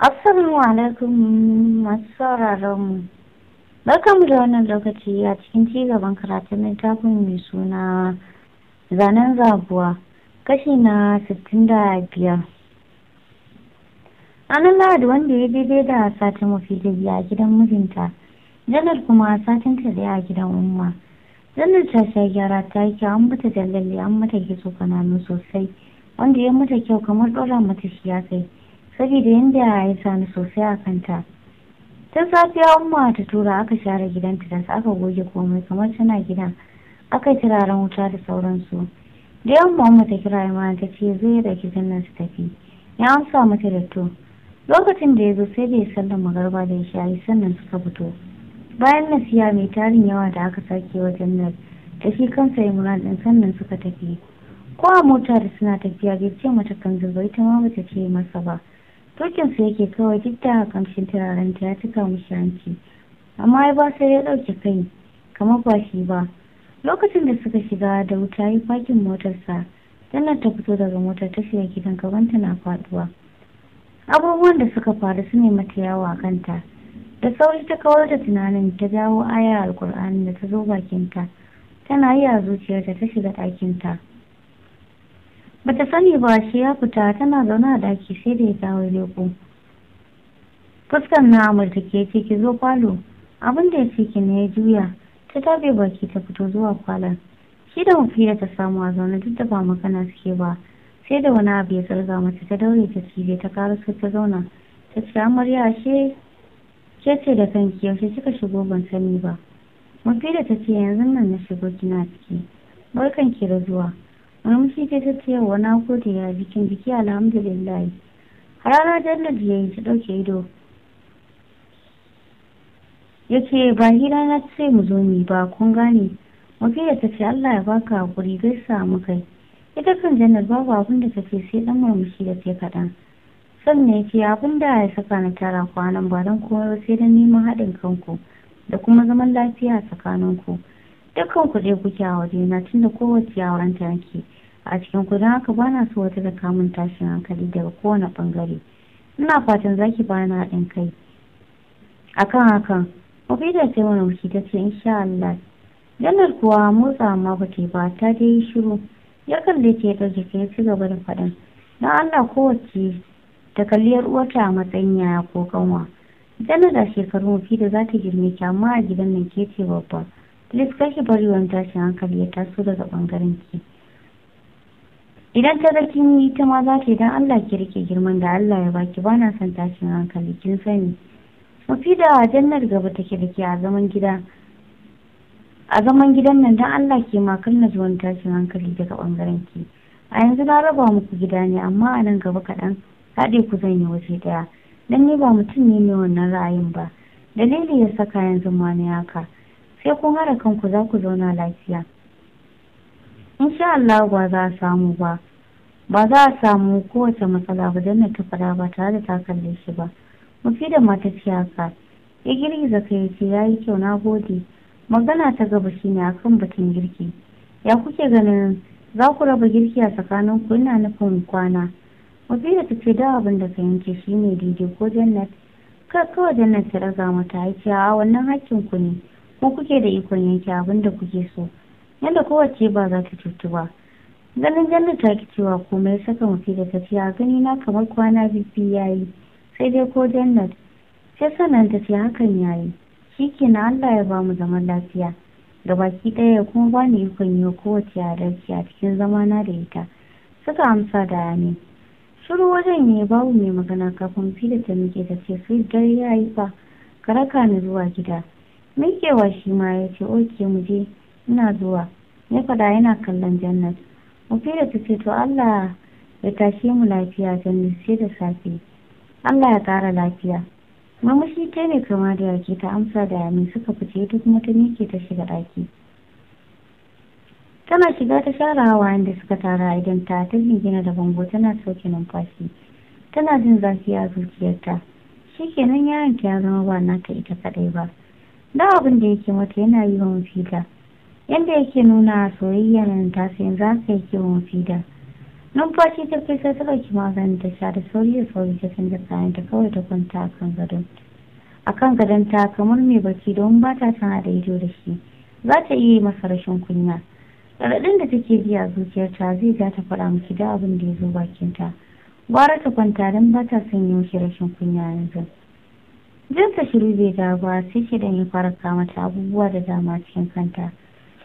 Assalamu alaikum masu sauraron mu. mu da wannan lokaci a cikin ci cigaban karatun littafin mai suna zanen zabuwa kashi na sittin da biyar. Ranar Lahadi wanda ya bebe da satin mafi a gidan mijinta, janar kuma satin ta a gidan umma. Janar ta sha gyara ta yi an mata jallalle an mata gizo kananu sosai wanda ya mata kyau kamar ɗora mata shi ya kai. saboda yadda ya sani sosai a kanta ta safiya umma ta tura aka share gidanta da aka goge komai kamar tana gida aka turaren wuta da sauransu da yawan mamma ta kira ya ta ce zai da kitan nan su tafi ya amsa mata da to lokacin da ya zo sai da ya sallan magarba da ya shayi sannan suka fito bayan nasiya mai tarin yawa da aka sake wajen nan da shi kansa mura ɗin sannan suka tafi ko a mota da suna tafiya bai ce mata kan zuba ita ma bata ce masa ba tokyo su yake kawai duk a kamshin turaren ta ya cika mishi hanci. Amma ya ba sai ya ɗauke kai kamar ba shi ba. Lokacin da suka shiga da wuta yi fakin motarsa. tana ta fito daga motar ta shiga gidan gabanta na faduwa. Abubuwan da suka faru su ne mata yawo a kanta. Da sauri ta kawar da tunanin ta jawo aya alkur'ani da ta zo bakinta. Tana yi a zuciyarta ta shiga ɗakinta. bata sani ba shi ya fita tana zaune a daki sai da ya kawo leko fuskar na amurta ke ce ki zo kwalo abin da ya ce ki ne ya juya ta tabe baki ta fito zuwa kwalon shi da mafira ta samu a zaune duk da ba magana suke ba sai da wani abu ya tsarga mata ta daure ta cire ta karaso ta zauna ta ce amarya ashe ke ce da kanki yaushe kika shigo ban sani ba mafira ta ce yanzu nan na shigo kina ciki barkan ki da zuwa murmushi ta ta ce wa na gode ya jikin jiki alhamdulillah harara jannat ya yi ta dauke ido ya ce ba hira na ce mu zo ni ba kun gane da ta ce allah ya baka hakuri gaisa samu kai ita kan janar babu abin da ta ce sai ɗan murmushi da ta kaɗan sannan ya ce abin da ya saka na tara kwanan ba don komai sai dan neman haɗin kanku da kuma zaman lafiya tsakaninku. ku dukkan ku kuke a waje na tunda kowace auren ta yake a cikin ku don haka bana so wata da kamun tashin hankali daga kowane ɓangare ina fatan zaki bani haɗin kai akan hakan Obida sai mana wuce ta ce insha Allah Janar kuwa motsa amma ba ta ba ta dai shiru ya kalle ta ya ɗauke ta ya ci gaba da faɗin don Allah kowace ta kalli yar uwarta a matsayin yaya ko kanwa. Janar da shekaru mafi da za ta girme ki amma a gidan nan ke ce babba. please ki bari wani tashin hankali ya taso daga bangaren ki idan ta ga kin yi ta ma za ta idan Allah ki rike girman da Allah ya baki bana son tashin hankali kin sani da jannar gaba take da ke a zaman gida a zaman gidan nan dan Allah ke ma na zuwan tashin hankali daga bangaren ki a yanzu na raba muku gida ne amma a nan gaba kaɗan haɗe ku zan yi waje ɗaya dan ni ba mutum ne mai wannan ra'ayin ba dalili ya saka yanzu ma ni haka sai kun hada kanku za ku zauna lafiya insha Allah ba za a samu ba ba za a samu kowace matsala ba don ta fara ba tare da ta kalle shi ba mafi da mata ce haka ya girgiza ka ya ce ya yi kyau na gode magana ta gaba shi shine kan batun girki ya kuke ganin za ku raba girki a tsakanin ku ina nufin kwana da ta ce da abin da ka yanke shi ne daidai ko jannat kawai jannat ta raga mata ya ce a wannan hakkin ku ne ko kuke da ikon yanke abin da kuke so yadda kowace ba za ta cutu ba ganin jannu ta ki cewa komai saka mafi da tafiya gani na kamar kwana bibbi ya yi sai dai ko jannat sai sanan ta ce hakan ya yi shi kenan allah ya bamu zaman lafiya da baki ɗaya ya kuma ni ikon yi wa kowace adalci a cikin zamana da ita suka amsa da ne. shiru wajen ne babu mai magana kafin fi da ta muke ta ce sai dare ya yi fa ka raka ni zuwa gida mukewa shi ma ya ce oke mu je ina zuwa ya fada yana kallon jannat mafi ta tafi to allah ya tashe mu lafiya jannat sai da safe allah ya kara lafiya mamashi ta ne kama da yake ta amsa da yamin suka fice duk mata ke ta shiga ɗaki tana shiga ta share hawa da suka tara idan ta ta gina da bango tana sauke numfashi tana jin zafi a zuciyarta shikenan yaron ta ya zama ba naka ita kadai ba da abin da yake mata yana yi wa mafida yadda yake nuna soyayya na ta sai yanzu haka yake wa mafida numfashi ta kai sai ta ɗauki maganin ta sha da sauri da sauri ta canza kayan ta kawai ta kwanta a kan gadon a kan gadon ta kamar mai bacci don ba ta tana da ido da shi za ta iya yi masa rashin kunya raɗaɗin da take ji a zuciyarta zai za ta faɗa miki da abin da ya zo bakinta gwara ta kwanta don ba ta son yin rashin kunya yanzu jinsa shiru zai dawo ba sai da ya fara kamata abubuwa da dama cikin kanta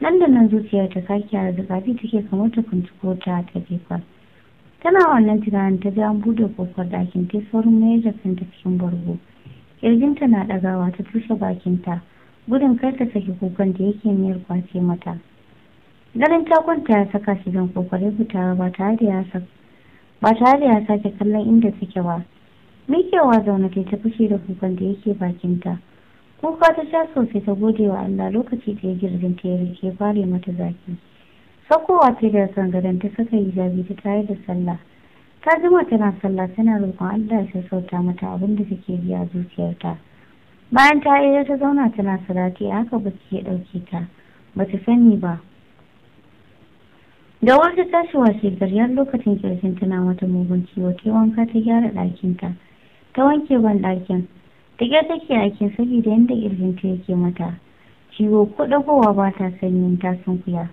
nan da nan zuciyar ta sake a ta take kamar ta kuntuko ta ta jefa tana wannan tunanin ta ja an buɗe kofar ɗakin ta saurin mayar da kanta cikin bargo kirjinta na ɗagawa ta tushe bakinta gudun kar ta saki kukan da yake miyar kwace mata ganin ta kwanta ya saka shi don kokari fita ba tare da ya sake kallon inda take ba mikewa zaune ta ta fushi da kukan da yake bakinta kuka ta sha sosai ta gode wa allah lokaci da ya girgin ta ya rike fare mata zaki saukowa ta da gadon ta saka hijabi ta tare da sallah ta jima tana sallah tana roƙon allah ya sassauta mata abin da take biya zuciyarta bayan ta iya ta zauna tana salati a haka baki ya ɗauke ta ba ta sani ba da wata tashi washe garyar lokacin kirkin tana wata mugun ciwo kewan wanka ta gyara ɗakinta ta wanke banɗakin da ƙyar take aikin saboda yadda ƙirjinta yake mata ciwo ko ɗagowa ba ta sanyin ta kuya.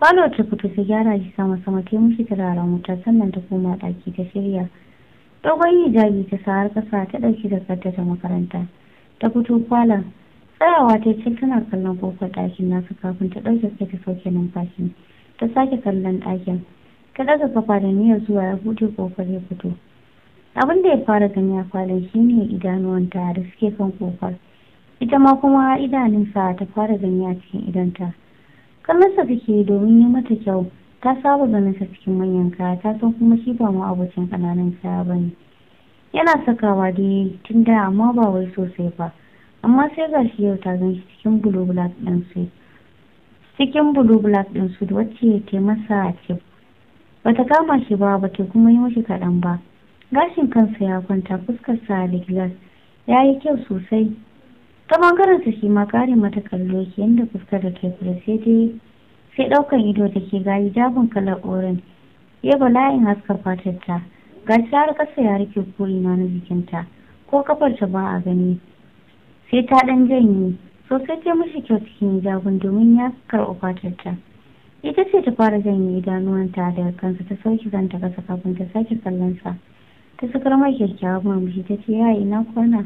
falo ta fito ta gyara shi sama sama ta mishi turaren wuta sannan ta koma ɗaki ta shirya dogon hijabi ta sa har ƙasa ta ɗauki da ta makaranta ta fito kwala tsayawa ta ce tana kallon kofar ɗakin nasa kafin ta ɗauke kai ta sauke numfashi ta sake kallon ɗakin ta ɗaga kafa da niyyar zuwa ya buɗe kofar ya fito abin da ya fara gani a falon shine idanuwanta da suke kan kofar ita ma kuma idanunsa ta fara gani a cikin idanta kallonsa take domin yi mata kyau ta saba ganinsa cikin manyan kaya ta san kuma shi ba ma abocin kananan kaya ba ne yana sakawa dai tun da amma ba wai sosai ba amma sai ga shi yau ta gan shi cikin blue black ɗin su cikin blue black ɗin su wacce ta masa ce bata kama shi ba ba ta kuma yi mashi kaɗan ba gashin kansa ya kwanta fuskarsa da gilas ya yi kyau sosai ta bangarensa shi ma kare mata kallo ke yadda fuskar da ke kula sai dai sai ɗaukan ido da ke gayi hijabin kalar oren ya in haska fatarta gashi har kasa ya rike ko'ina na jikinta ko kafar ta ba a gani sai ta ɗan janye sosai ta mishi kyau cikin hijabin domin ya karɓi fatarta ita ce ta fara janye idanuwanta da kansa ta sauki zanta kasa kafin ta sake kallon sa ta sakar mai kyakkyawa murmushi ta ce yayi na kwana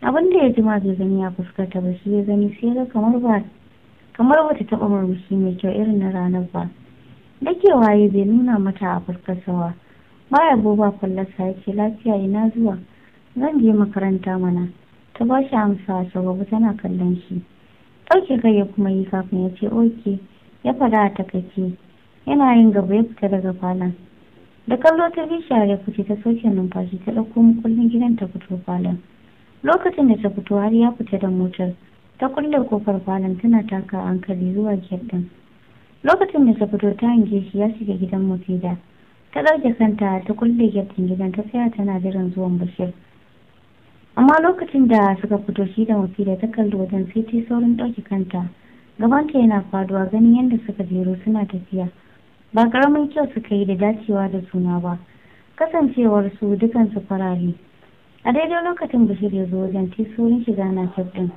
abin da ya ji bai gani a fuskarta ba shi ya gani sai ga kamar ba kamar bata taba murmushi mai kyau irin na ranar ba ke waye bai nuna mata a ba ya baya boba kwallasa ya ce lafiya ina zuwa zan je makaranta mana ta ba shi amsa shagwabu tana kallon shi ɗauke kai ya kuma yi kafin ya ce oke ya fada a takaice yana yin gaba ya fita daga falon da kallo ta bi ya fice ta soke numfashi ta ɗauko mukullin gidan ta fito falon lokacin da ta fito har ya fita da motar ta kulle kofar falon tana taka hankali zuwa gate lokacin da ta fito ta hange shi ya shiga gidan mutida ta ɗauke kanta ta kulle gate gidan ta tsaya tana jiran zuwan bashir amma lokacin da suka fito shi da mutida ta kalli wajen sai ta saurin ɗauke kanta gabanta yana faduwa ganin yadda suka jero suna tafiya ba karamin kyau suka yi da dacewa da suna ba kasancewar su dukansu farare a daidai lokacin bashir ya zo wajen tisorin shiga na cef din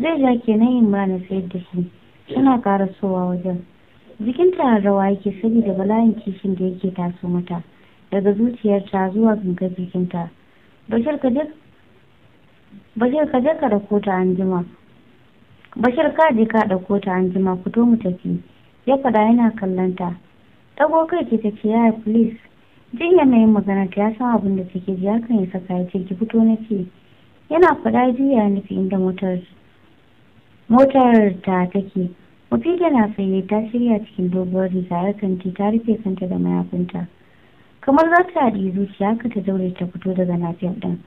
zai ja kenan yin ba na sayar da shi kara karasowa wajen jikinta rawa yake saboda bala'in kishin da yake taso mata daga zuciyarta zuwa gangar jikinta bashir ka je ka dauko ta anjima bashir ka je ka dauko ta anjima fito mu tafi ya fada yana kallon ta ɗago kai ki ta ce yaya please jin yanayin maganar ta ya san abin da take ji hakan ya saka ya ce ki fito na ce yana faɗa jiya nufi inda motar motar ta take mafida na tsaye ta shirya cikin dogon riga ya kanti ta rufe kanta da mayafinta kamar za ta haɗi zuciya ka ta daure ta fito daga nafiyar ɗin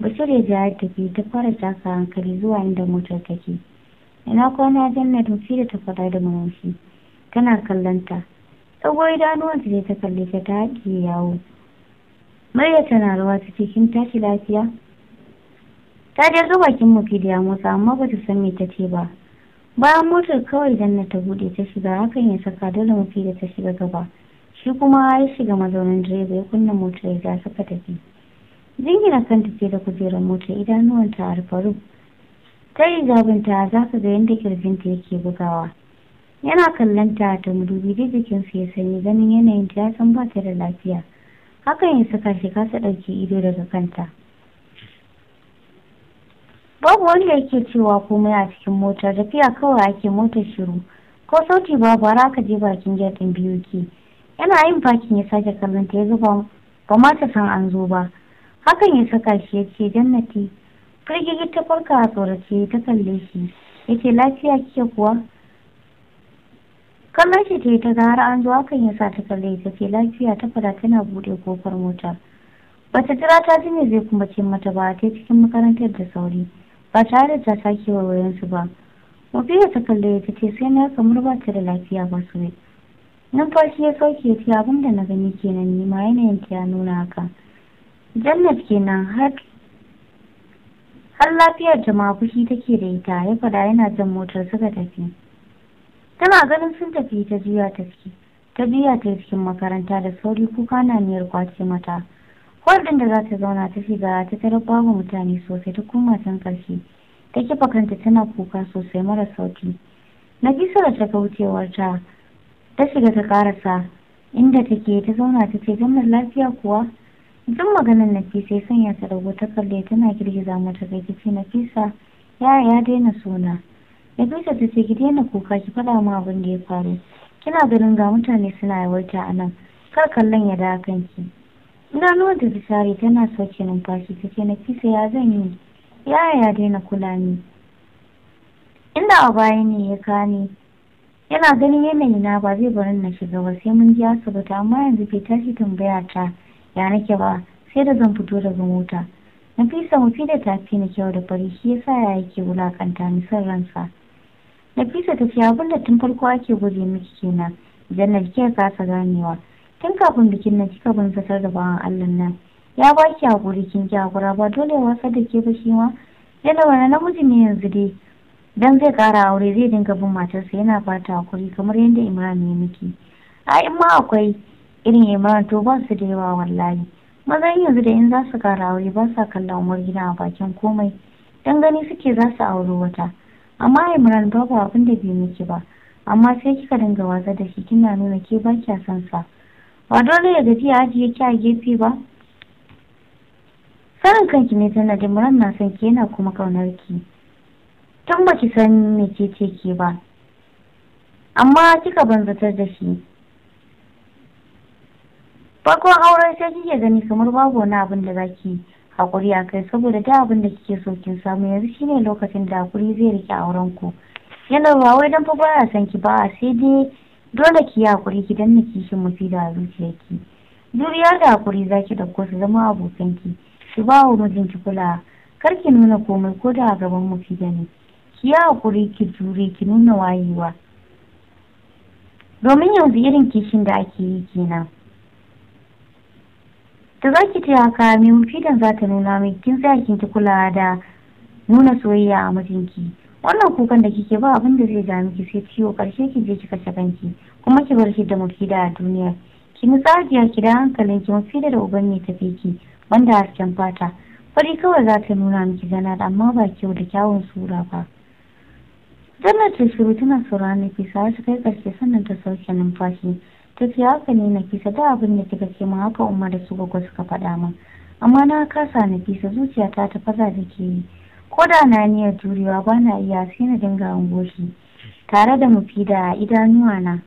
bashir ya ja ya tafi ta fara taka hankali zuwa inda motar take ina kwana jannat mafida ta faɗa da mamaki? kana kallon ta idanuwan idanuwanta ne ta kalle ta ta haƙe yawo murya tana rawa ta ce tashi lafiya ta je zuba bakin mafi da ya motsa amma ba ta san me ta ce ba bayan motar kawai danna ta buɗe ta shiga hakan ya saka dole mafi da ta shiga gaba shi kuma ya shiga mazaunin direba ya kunna motar ya saka tafi jingina kanta ce da kujerar motar ta a rufe ta yi zabinta za ka ga yadda kirjinta yake bugawa yana kallon ta da mudubi da jikinsa ya sanyi ganin yanayin ta ya san ba ta da lafiya hakan ya saka shi kasa dauke ido daga kanta babu wanda yake cewa komai a cikin motar tafiya kawai ake motar shiru ko sauti babu har aka je bakin gyaɗin biyu ke yana yin bakin ya sake kallon ta ya zuba ba ma ta san an zo ba hakan ya saka shi ya ce jannati firgigi ta farka a tsorace ta kalle shi ya lafiya kike kuwa kallon shi ta yi ta gara an zuwa hakan ya sa ta kalle ta ce lafiya ta fara tana buɗe kofar mota bata jira ta ji ne zai kuma ce mata ba ta cikin makarantar da sauri ba tare da ta sake su ba mafiya ta kalle ta ce sai na yaka murba ta da lafiya ba su ne numfashi ya sauke ya ce abin da na gani kenan ni ma yanayin ta ya nuna haka jannat kenan har har lafiyar jama'a fushi take da ita ya fada yana jan motar suka tafi tana ganin sun tafi ta juya ta ciki ta biya ta cikin makaranta da sauri kuka na niyar kwace mata hordin da za ta zauna ta shiga ta tara, babu mutane sosai ta kuma can karshe ta kifa kanta tana kuka sosai mara sauki na bisa da ta kaucewar ta ta shiga ta karasa inda take ta zauna ta ce gamar lafiya kuwa jin maganar nafisa ya sanya ta dago ta kalle tana girgiza mata gaji ce nafisa yaya ya daina suna Nafisa ta ce ki daina kuka ki faɗa mu abin da ya faru. Kina ganin ga mutane suna yawaita a nan. Kar kallon ya da kanki. ina da ta tana sauke numfashi ta ce Nafisa ya zan yi. Yaya ya daina kula ni. Inda a baya ne ya kani. Yana ganin yanayi na ba zai bari na shiga ba sai mun ji asibiti amma yanzu bai tashi tambaya ta ya nake ba sai da zan fito daga mota. Nafisa mafi da tafi na kyau da fari shi yasa ya yake wulakanta ni son ransa. Nafisa ta ce abin da tun farko ake guje miki kenan. idan Jannat ya kasa ganewa. Tun kafin bikin na kika bin fitar da bawan Allah nan. Ya baki ki hakuri kin ki haƙura ba dole wasa da ke ba shi ma. Yana wani namiji ne yanzu dai. Dan zai ƙara aure zai dinga bin matarsa yana fata hakuri kamar yadda Imran ya miki. A in ma akwai irin Imran to ba su da yawa wallahi. Mazan yanzu da in za su kara aure ba sa kallon umar gida a bakin komai. Dan gani suke za su auri wata. amma imran babu abin da bai miki ba amma sai kika dinga waza da shi kina nuna ke ba kya san sa ba dole ya gaji ya ajiye ki a gefe ba sanin kanki ne tana da imran na son ki yana kuma kaunar ki tun ba ki san me ke ce ke ba amma kika banzatar da shi farkon auren sai kike gani kamar babu wani abin da zaki hakuri a kai saboda da abin da kike so kin samu yanzu shine lokacin da hakuri zai rike auren ku yana ba wai dan fa ba baya san ki ba sai dai dole ki yi hakuri ki danna kishin mutu da zuciyarki juriya da hakuri ki dauko su zama abokan ki ki ba wa ki kula? kar ki nuna komai ko da a gaban mutu da ne ki yi hakuri ki jure ki nuna wayewa domin yanzu irin kishin da ake yi kenan da za ki taya ka mai mufidan za ta nuna miki kin tsaya kin ki kula da nuna soyayya a mijinki wannan kukan da kike ba abin da zai ja miki sai ciwo karshe ki je ki kashe kanki kuma ki bar shi da mufida a duniya ki mutsajiya ki da hankalin ki mufida da uban ne tafi ki wanda hasken fata fari kawai za ta nuna miki da amma ba kyau da kyawun sura ba Jannat ta shiru tana sauraron sa ta kai karshe sannan ta sauke numfashi duk ya haka ne nafisa da abin da kika ce min haka umma da su gwagwa suka faɗa min amma na kasa nafisa zuciya ta faza ke yi ko da na niyyar jurewa ba na iya sai na dinga angoshi tare da mafi da idanuwa na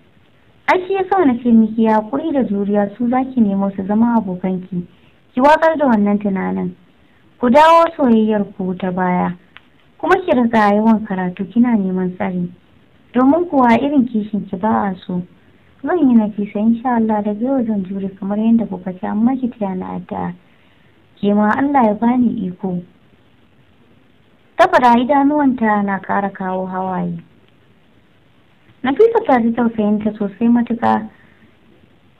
ai ya yasa na ce miki ya kuri da juriya su zaki nemo su zama abokanki ki watsar da wannan tunanin ku dawo soyayyar ku ta baya kuma ki riga yawan karatu kina neman tsari domin kuwa irin kishin ki ba a so Zan yi nafisa insha Allah daga yau zan jure kamar yadda kuka ci amma ki taya ni ta Ke ma Allah ya bani iko. Ta fara idanuwanta na kara kawo hawaye. Nafisa ta ji tausayinta sosai matuka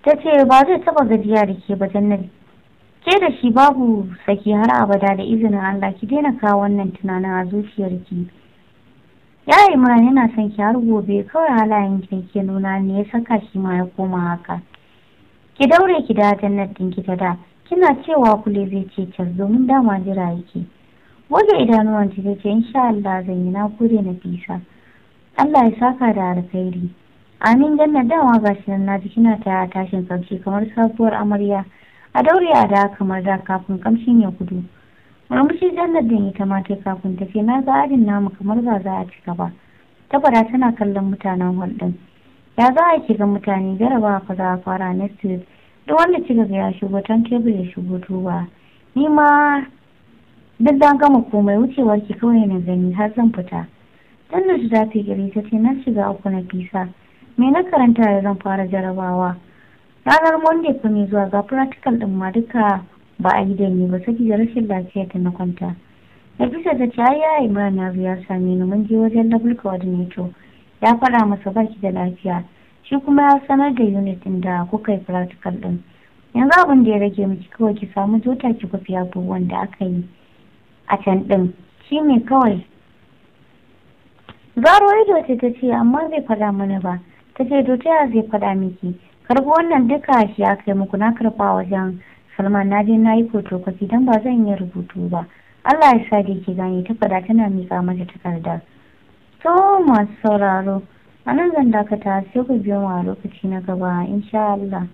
Ta ce ba zai taɓa gajiya da ke ba na ke da shi babu saki har abada da izinin Allah ki daina kawo wannan tunanin a zuciyarki ya mura yana son ki har gobe kawai halayen ki ke nuna ne ya saka shi ma ya koma haka ki daure ki da jannat din ki ta da kina cewa kule zai ce can, domin dama jira yake waje idanuwan ta ce insha Allah zan yi na kure na fisa Allah ya saka da alkhairi amin jannat dama gashi nan naji kina ta tashin kamshi kamar sabuwar amarya a daure a da kamar da kafin kamshin ya gudu murmushi jallar din ita ma ta kafin ta ce na ga ajin namu kamar ba za a cika ba tabara tana kallon mutanen hol ya za a ga mutane jarabawa fa za a fara next week duk wanda kika ga ya shigo tan tebur ya shigo tuba ni ma duk dan gama komai wucewar ki kawai na gani har zan fita dan da su gari ta ce na shiga uku na fisa me na karanta ya zan fara jarabawa ranar monday kuma zuwa ga practical din ma duka ba a yi da ni ba saboda rashin lafiya ta na kwanta Nafisa ta ce ai ya yi ya na ya same ni mun je wajen double coordinator ya faɗa masa baki da lafiya shi kuma ya sanar da unit din da kuka yi practical din yanzu abin da ya rage miki kawai ki samu jota ki kufi abubuwan da aka yi a can ɗin? shi ne kawai zaro ido ce ta ce amma zai faɗa mana ba ta ce to ya zai faɗa miki karbi wannan duka shi aka yi muku na karɓa wajen salman na je na yi fotokofi don ba zan yi rubutu ba allah ya sa ke gane ta fada tana miƙa mata takardar to masu sauraro a nan zan dakata sai ku biyo mu lokaci na gaba insha allah